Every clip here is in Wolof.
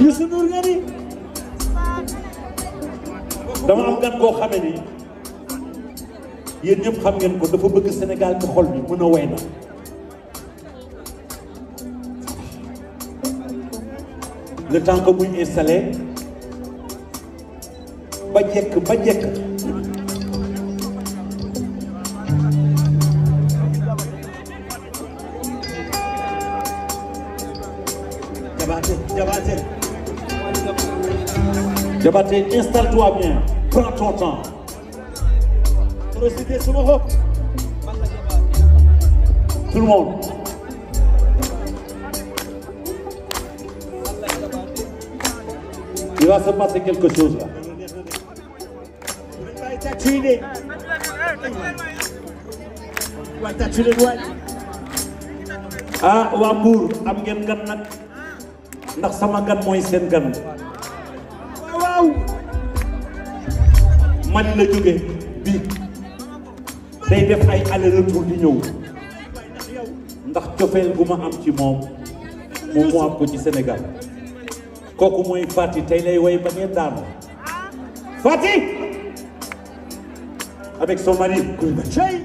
Youssou Ndour nga ni dama am gan koo xame ni yéen ñëpp xam ngeen ko dafa bëgg Sénégal ci xol bi mën a way na le temps que muy ba jekk ba jekk Diabaté installe-toi bien prends ton temps. tout le monde. il va se passer quelque chose là. ah waa Mbour am ngeen gan nag ndax sama gan mooy seen gan. ndaw man la jóge bi day def ay aller retour di ñëw ndax cofeel gu ma am ci moom mu am ko ci Sénégal kooku mooy Fati tey lay woy ba ngeen daanu Fati avec son mari Koulibaly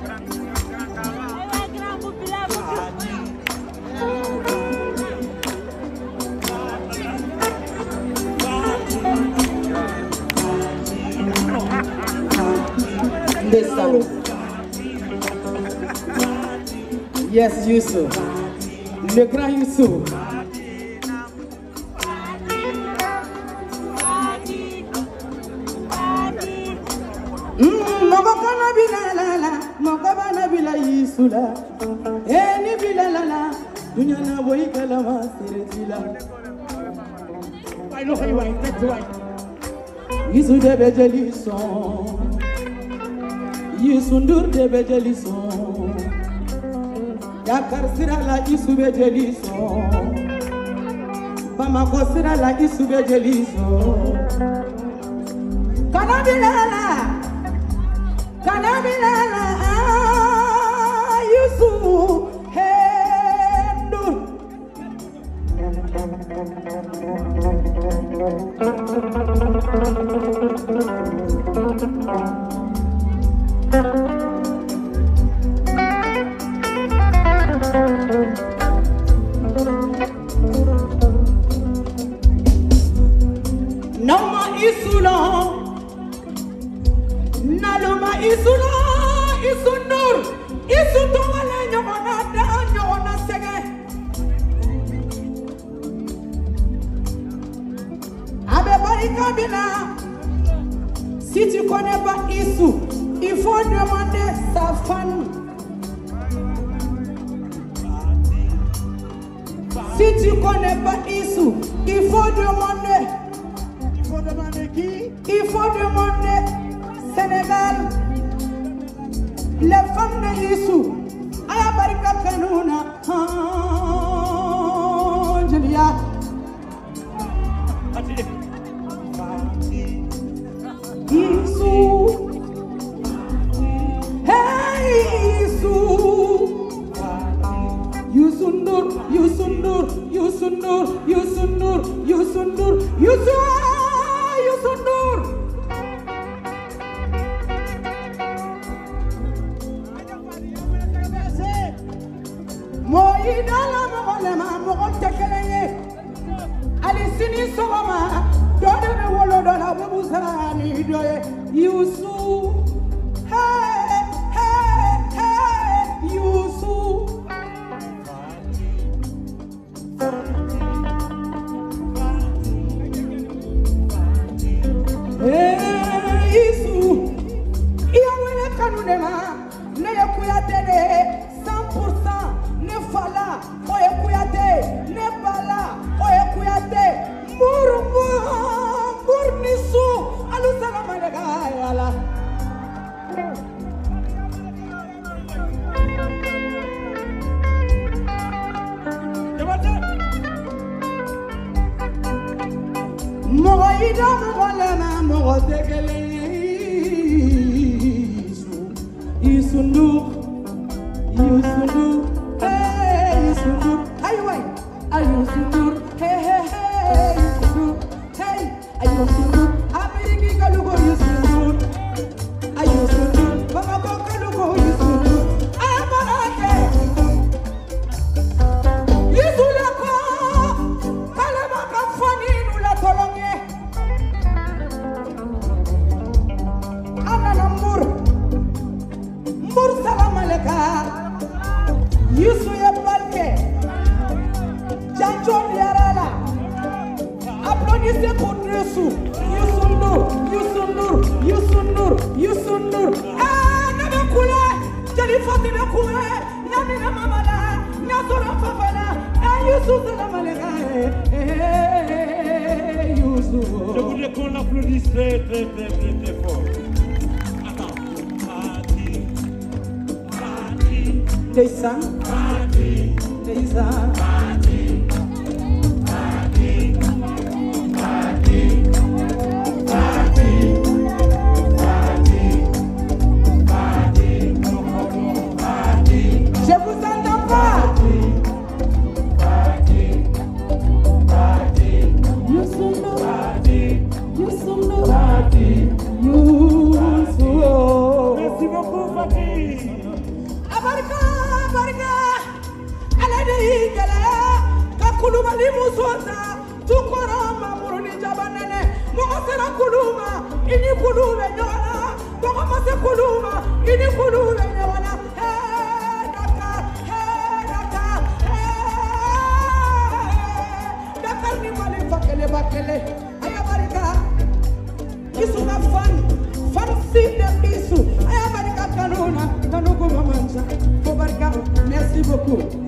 play song. Yes, Youssou. Le grand Youssou. Hmm, moko kana bila la la, moko bana bila Youssou la. Eni bila la la, dunya na boy kalama sirji la. Wai no kai wai, that's why. Youssou de bejeli son. Youssou Ndour de be jëli son Dakar sira la Youssou be jëli son Bamako sira la Youssou be jëli Kana bilala Kana bilala isula naluma isula isundur isutowale ñogona da ñogona sege abe bari kabila si tu connais pas Isu il faut demander sa famille Si tu connais pas Issou, il faut demander Il faut demander Sénégal les femmes de Youssou à la barika Fenouna diz très, très, très, très, très fort. Attends. Fati. Fati. Ndeysaan. Fati. Ndeysaan. Fati. kuluma limusoza tukoroma murunijabanene mogasera kuluma ini kulube nyona bogomase kuluma ini kulube nyona Dakar Dakar Dakar ni mali fakele bakele aya barika isu na fan fan sinde isu aya barika kanuna kanuguma manja fo barika merci beaucoup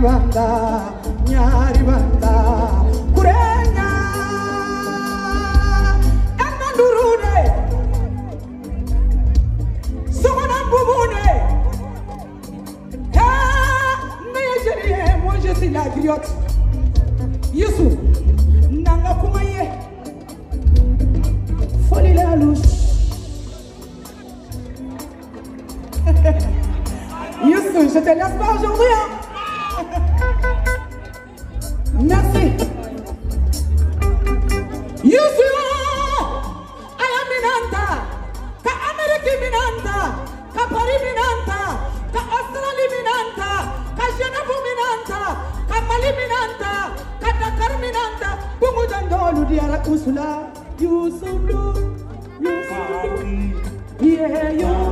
ñaari banda ñaari banda kureña anna ndurude sogona bubude ta naye jeriye moi je suis la griotte yesu nanga kuma ye foli la louche Houston, je te laisse pas aujourd'hui. Hein. Merci. Yusuf, aya minanta, ka Ameriki minanta, ka Paris minanta, ka Australie minanta, ka Genève minanta, ka Mali minanta, ka Dakar minanta, bungu dandolu diara usula, Yusuf, Yusuf, yeah, Yusuf.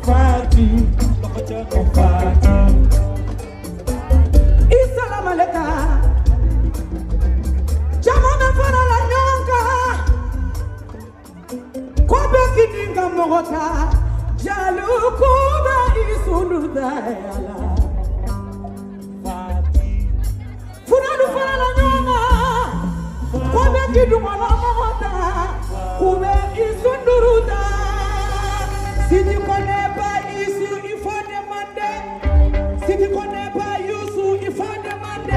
parti o parti islam aleka jamana fana la ɲɔgɔn kan ko bɛɛ kini ka mɔgɔ ta jaluku bɛ i sulu daya la parti funadu fana la ɲɔgɔn kan ko bɛɛ kini dugumala mɔgɔ ta u bɛ i sunduru da sidi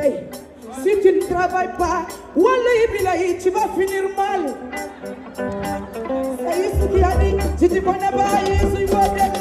paye. Si tu ne travailles pas, Wallahi tu vas finir mal. C'est Yesu qui a dit, si tu connais pas Yesu,